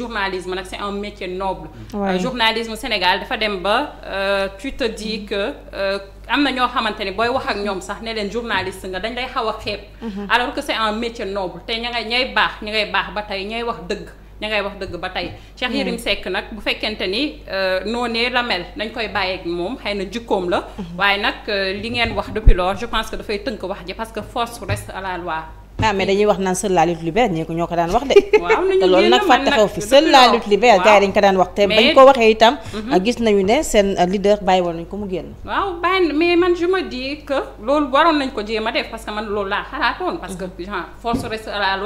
journalisme nag c'est un métier noble ouais. Euh, journalisme Sénégal dafa dem ba euh, tu te que euh, am na ñoo xamante ni booy wax ak ñoom sax ne leen journaliste nga dañ lay xaw a xeeb mhm. alors que c'est un métier noble te ña ngay ñay baax ña ngay baax ba tey ñay wax dëgg ña ngay wax dëgg ba tey Cheikh Yérim mhm. Seck nag bu fekkente ni noonee la mel dañ koy bàyyeeg moom xëy na jikkoom la mhm. waaye nag li ngeen wax depuis lors je pense que dafay tënk wax ji parce que force reste ah mais dañuy wax naan seule la lutte libère ñii ñoo ko daan wax de. loolu nag fàtte xew fi seule la lutte libère gars dañ ko daan wax te bañ ko waxee itam. Mhm. Ah, gis nañu ne seen ah, leader bàyyi woon nañ ko mu génn. waaw bàyyi mais man je que loolu waroon nañ ko jéem a def parce que man loolu laa xalaatoon. parce que mhm. genre force reste à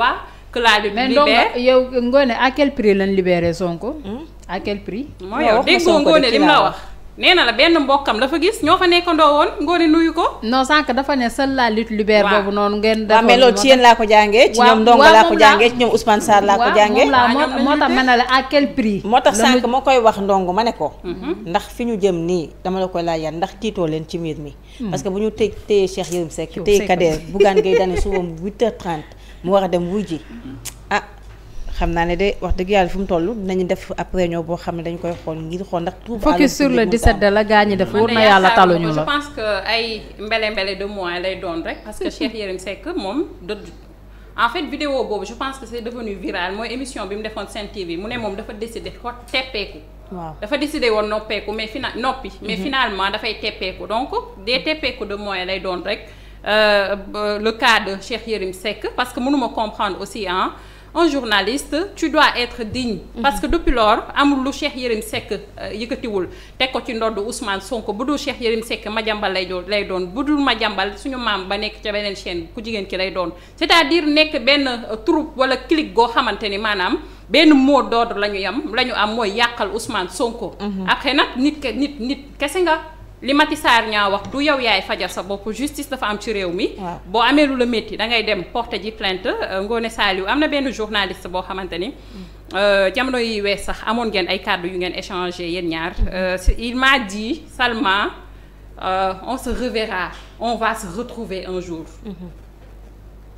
que la lutte libère yow Ngoné à prix lañ libéré Sonko. Hmm? à prix. moo yow déggoo Ngoné li la wax. nee na la benn mbokkam dafa gis ñoo fa nekkandoo woon i nuyu ko. non sànq dafa ne seule la lutte libère boobu noonu. ngeen defoon mais loolu ci yéen laa ko jàngee. ci ñoom Ndongo laa ko jàngee ci ñoom Ousmane Sarr laa ko jàngee. Ah, moo tax ma ne la à quel moo tax sànq ma koy wax Ndongo ma ne ko. Mhm. ndax fi ñu jëm nii dama la koy laajal ndax tiitoo leen ci mbir mi. Hmm. parce que bu ñu tëj téye Cheikh Yérim Seck téye Kader Bougane Gueye Dany suba 8 h mu war a dem wuy ji mhm. xam naa ne de wax dëgg yàlla fu mu toll nañu def ab réunion boo xam ne dañu koy xool ngir xool ndax. trouble focus sur le 17 la gaañu def wóor na yàlla taluñu la. que ay mbele mois lay doon rek. parce que Cheikh Yérim Seck moom dëdd. en fait vidéo boobu je pense que c'est devenu viral mooy émission bi mu defoon Sen TV mu ne moom dafa décidé xo teppeeku. waaw dafa décidé woon noppeeku mais fina noppi. Mhm. mais finalement dafay teppeeku donc des teppeeku de mois lay doon rek euh, le cas de Cheikh Yérim Seck parce que mënuma comprendre aussi un journaliste tu dois être digne mhm. parce que depuis lors amul lu Cheikh Yérim sekk euh, yëkkatiwul te ko ci ndodd Ousmane Sonko bu dul Cheikh Yérim Seck Madiambal lay doon lay doon bu dul Madiambal suñu maam ba nekk ca beneen chaîne ku jigéen ki lay doon c'est-à-dire nekk benn euh, troupe wala clique goo xamante ni maanaam benn mot d'ordre la ñu am la ñu am mooy yàqal Ousmane Sonko mhm. après nag nit nit nit kese nga li Mati Sarr ñaa wax du yow yaay fajar sa bopp justice dafa am ci réew mi boo amee lu la métti da ngay dem porter ji plainte euh, Ngoone Saliou am na benn journaliste boo xamante ni mm. euh, jamono yi wees sax amoon ngeen ay kàddu yu ngeen échangé yéen ñaar mm-hmm. euh, il m'a dit seulement euh, on se reverra on va se retrouver un jour mm-hmm.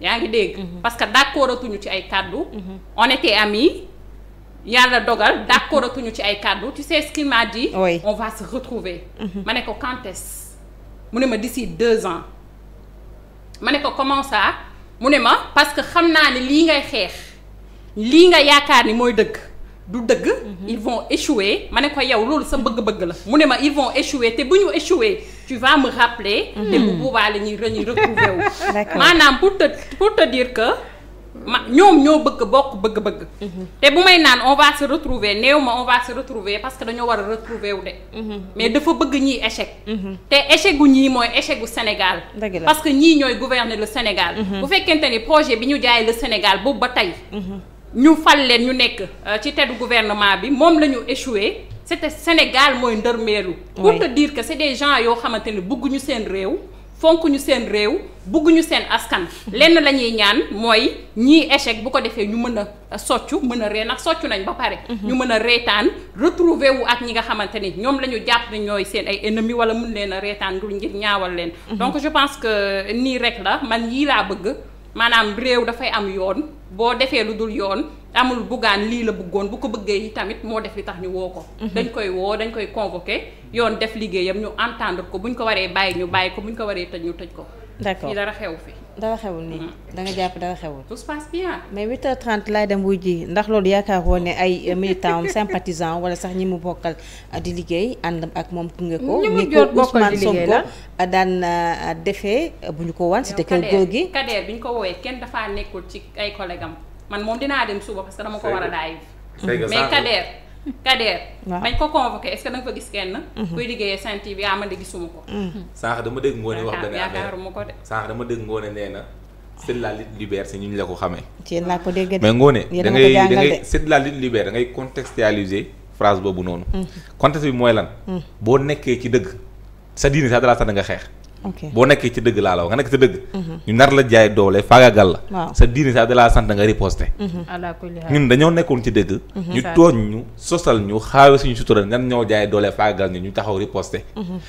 yaa ngi dégg mm-hmm. parce que d'accorduñu ci ay kàddu on était amis yàlla dogal d'accord atuñu ci ay kàddu tu sais ce qu'il on va se retrouver mm-hmm. ma ne ko quand mu ne ma d'ici deux ans ma ne ko comment mu ne ma parce que xam naa ne lii ngay xeex lii nga yaakaar ni mooy dëgg du dëgg mm-hmm. ils vont échouer ma ne ko yow loolu sa bëgg-bëgg la mu ne ma ils vont échouer te bu ñu échouer tu mu me rappeler mm-hmm. te bu boobaa la ñuy reñuy retrouver wu maanaam pour te dire que ma ñoom ñoo bëgg bokk bëgg-bëgg mhm. te bu may naan on va se retrouver néew ma on va se retrouver parce que dañoo war a retrouver wu de mhm. mais dafa bëgg ñii échec mhm. te échec gu ñii mooy échec gu Sénégal parce que ñii ñooy gouverner le Sénégal bu fekkente ni projet bi ñu jaay la Sénégal boobu ba tey ñu fal leen ñu nekk euh, ci teddu gouvernement bi moom la ñu échoué c'était Sénégal mooy ndërmeelu pour te dire que c'est des gens yoo xamante ne bëgguñu seen réew ñu seen réew bugguñu seen askan lenn lañuy ñaan mooy ñii échec bu ko defee ñu mën a soccu mën a ree ndax soccu nañ ba pare mhm. ñu mën a reetaan retrouver wu ak ñi nga xamante ni ñoom lañu jàpp ne ñooy seen ay ennemi wala mun leen a reetaan ngir ngir ñaawal leen mhm. donc je pense que nii rek la man yii laa bëgg maanaam réew dafay am yoon boo defee lu dul yoon amul buggaan lii la buggoon bu ko bëggee yi tamit moo def li tax ñu woo ko mhm. dañ koy woo dañ koy convoqué yoon def liggéeyam ñu entendre ko buñ ko waree bàyyi ñu bàyyi ko buñ ko waree tëj ñu tëj ko d'accord dara xew fi. dara xewul nii mm-hmm. da jàpp dara xewul. tout se passe mais 8h30 laay dem wuy ji ndax loolu yaakaaroon ne ay militant sympathisant wala sax ñi mu bokkal ah, di liggéey ànd ak moom gunge ko. ñi mu jot bokkal di liggéey la ni ko Ousmane Sonko daan ah, defee ah, bu ñu ko wan. c'était kër góor gi kadeer bi ñu ko woowee kenn dafa nekkul ci ay collègue man moom dinaa dem suba parce que dama ko war a daay. mais kadeer. Kader. bañ ko convoqué est-ce que da nga gis kenn. Mhm. kuy liggéeyee Sen TV yaa ah, ma de gisuma ko. Mhm. sànq dama dégg Ngoné wax benn affaire yaakaaruma ko de. sànq dama dégg Ngoné nee na. c'est la lutte libère si ñu ñu la ko xamee. ko dégg mais Ngoné da ngay da ngay c'est la lutte libère da ngay contextualiser phrase boobu noonu. Mhm. contexte bi mooy lan. boo nekkee ci dëgg. sa diine sax dara sax da xeex. boo nekkee ci dëgg laa la wax nga nekk ci dëgg. Mhm. ñu nar la jaay doole faagaagal la. sa diine sax da laa sant nga riposté. Mhm. ñun dañoo nekkoon ci dëgg. Mhm. ñu tooñ ñu sosal ñu xaawe suñu sutura nan ñoo jaay doole faagaagal ñu ñu taxaw riposté.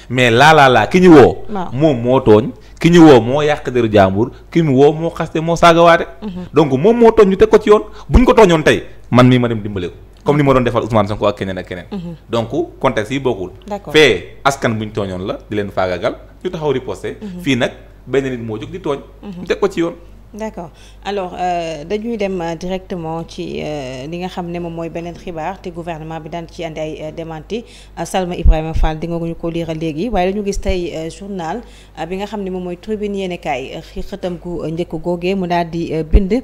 mais laalaa laa ki ñu woo. moom moo tooñ ki ñu woo moo yàq deru jàmbur ki mu woo moo xaste moo saagawaate. donc moom moo tooñ ñu teg ko ci yoon buñ ko tooñoon tey man mii ma dem dimbale comme ni ma doon defal Ousmane Sonko ñu taxaw riposté. Mhm. fii nag benn nit moo jóg di tooñ. ñu mhm. ci yoon. d'accord alors euh, dañuy dem euh, directement ci euh, li nga xam ne moom mooy beneen xibaar te gouvernement bi daan ci andi ay démenti Salma Ibrahima Fall di nga ñu ko liiral léegi waaye dañu gis tey journal bi nga xam ne moom mooy tribune yéenekaay xëtam ku njëkk googee mu daal di bind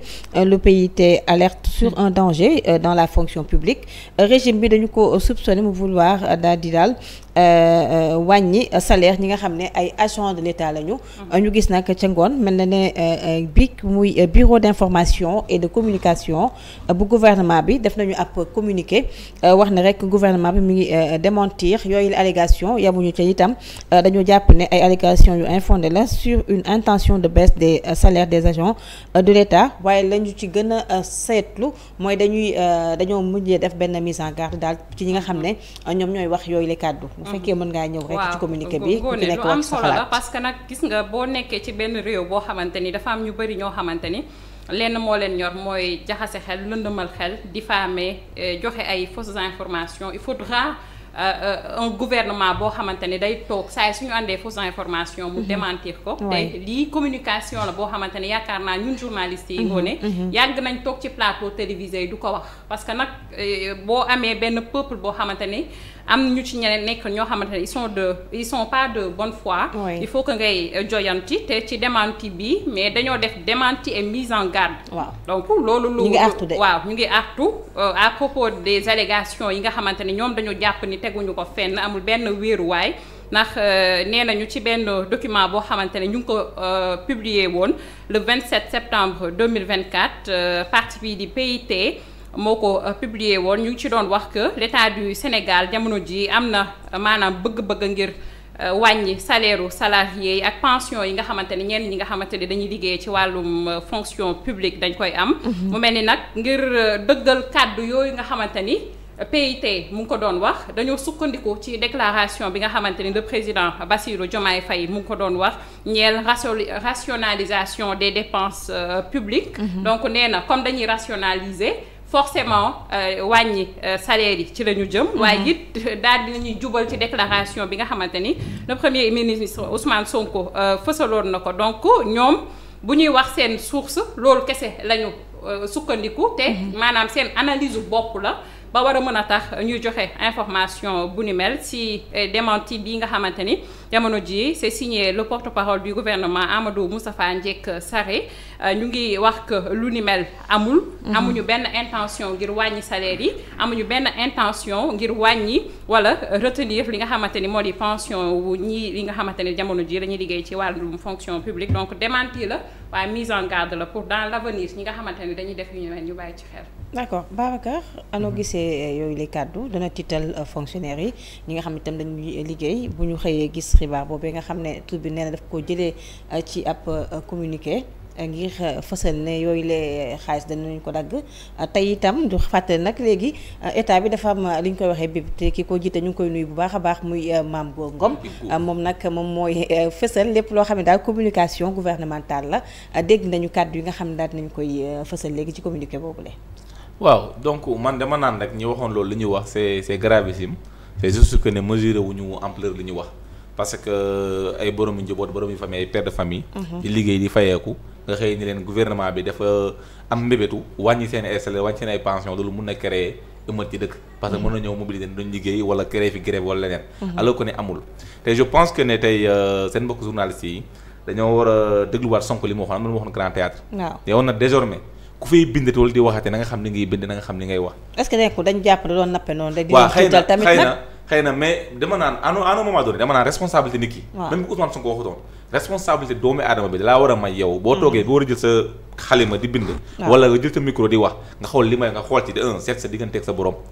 le pays te alerte sur mhm. un danger dans la fonction publique régime bi dañu ko soupçonné mu vouloir daal di daal wàññi salaire ñi nga xam ne ay agents de l'État lañu. Mhm. ñu gis nag ca ngoon mel na ne euh, euh, BIC muy bureau d'information et de communication euh, bu gouvernement bi def nañu ab communiqué wax ne rek gouvernement bi mi ngi démentir yooyu allégation yamuñu ca itam dañoo jàpp ne ay allégations yu infondées la sur une intention de baisse des salaires des agents de l'État waaye lañu ci gën a seetlu mooy dañuy dañoo mujjee def benn mise en garde daal ci ñi nga xam ne ñoom ñooy wax yooyu la kàddu. bu fekkee mën ngaa ñëw rek ci communiqué bi ku ci nekk wax am solo la parce que nag gis nga boo nekkee ci benn réew boo xamante ni dafa am ñu bëri ñoo xamante ni lenn moo leen ñor mooy jaxase xel lëndëmal xel diffamer euh, joxe ay fausses informations il faudra Euh, euh, un gouvernement boo xamante ne day toog saa suñu àndee fausse information mu mhm. démentir ko te lii communication la boo xamante ne yaakaar naa ñun journalistes yi mhm. ngoone mhm. yàgg nañ toog ci plateau télévisé yi du ko wax parce que nag euh, boo amee benn peuple boo xamante ne am ñu ci ñeneen nekk ñoo xamante ne ils sont de ils sont pas de bonne foi il faut que ngay joyanti te ci démenti bi mais dañoo def démenti et mise en garde waaw donc loolu lu waaw ñu ngi artu à propos des allégations yi nga xamante ne ñoom dañoo jàpp nit teguñu ko fenn amul benn wéeruwaay ndax euh, nee nañu ci benn document boo xamante ne ñu ngi ko euh, publier woon le 27 septembre 2024 euh, parti bi di PIT moo ko publier woon ñu ngi ci doon wax que l'état du Sénégal jamono ji am na maanaam bëgg-bëgg ngir wàññi salaire salarié yi ak pension yi nga xamante ne ñenn ñi nga xamante ne dañuy liggéey ci wàllum fonction publique dañ koy am. Mm-hmm. mu mel ni nag ngir dëggal kàddu yooyu nga xamante ni. PIT mu ngi ko doon wax dañoo sukkandiku ci déclaration bi nga xamante ni le président Bassirou Diomaye fay mu ngi ko doon wax ñeel rationalisation des dépenses euh, publique mhm. donc nee na comme dañuy rationaliser forcément euh, wàññi euh, salaire yi ci lañu jëm mhm. waaye it daal dinañuy jubal ci déclaration bi nga xamante ni le premier ministre Ousmane ko fësaloon na ko donc ñoom bu ñuy wax seen source loolu kese la ñu sukkandiku te mhm. maanaam seen analyse bopp la ba war a mën a tax ñuy joxe information bu ni mel si eh, démenti bi nga xamante ni jamono ji c'est signé le porte-parole du gouvernement Amadou Moustapha Ndiek Sarré euh, ñu ngi wax lu ni mel amul mhm. amuñu benn intention ngir wàññi salaire yi amuñu benn intention ngir wàññi wala retenir li nga xamante ni moo di pension wu ñii li nga xamante ni jamono ji dañuy liggéey ci wàllum fonction publique donc démenti la waaye mise en garde la pour dans l'avenir ñi nga xamante ni dañuy def yu ñu mel ñu bàyyi ci xel d'accord Babacar anoo mhm. gisee euh, yooyu li kàddu dana tiital euh, fonctionnaire yi ñi nga xam ne itam dañuy liggéey bu ñu xëyee gis xibaar boobee nga xam ne tur bi nee na daf ko jëlee euh, ci ab communiqué ngir fësal ne yooyu lee xaalis danañ ko dagg tey itam du fàttali nag léegi état bi dafa am li ñu koy waxee bib te ki ko jiite ñu ngi koy nuyu bu baax a baax muy Mame Gor Ngom moom nag moom mooy fësal lépp loo xam ne daal communication gouvernementale la dégg nañu kàddu yi nga xam ne daal dinañ koy fësal léegi ci communiqué boobule waaw donc man dama naan rek ñi waxoon loolu li ñuy wax c'est c'est gravissime c'est juste que ne mesuré wu ñu ampleur li ñuy wax parce que euh, ay borom yu njaboot borom yu famille ay père de famille. Mhm. di liggéey di fayeeku nga xëy ni leen gouvernement bi dafa euh, am mbébétu wàññi seen i salaire wàññi seen ay pension loolu mun na créer émeute ci dëkk. parce que mhm. mën na ñëw mobiliser duñ liggéey wala créer fi grève wala leneen. Mhm. alors que ne amul te je pense que ne tey euh, seen mbokk journalistes na lu mu waxoon grand théâtre. waaw te woon na désormais ku fay bindati wala di waxate na nga xam ni ngay bind na xam ni ngay wax. est-ce que nekkul dañ jàpp da doon nappe noonu rek. di leen tuutal na na mais dama naan à un à un moment donné dama naan responsabilité nit ki. bi dalaa war a may yow. boo mm. toogee boo war a jël sa xalima di bind. wala nga jël sa micro di wax nga xool li may nga xool ci de seet sa digganteeg sa borom.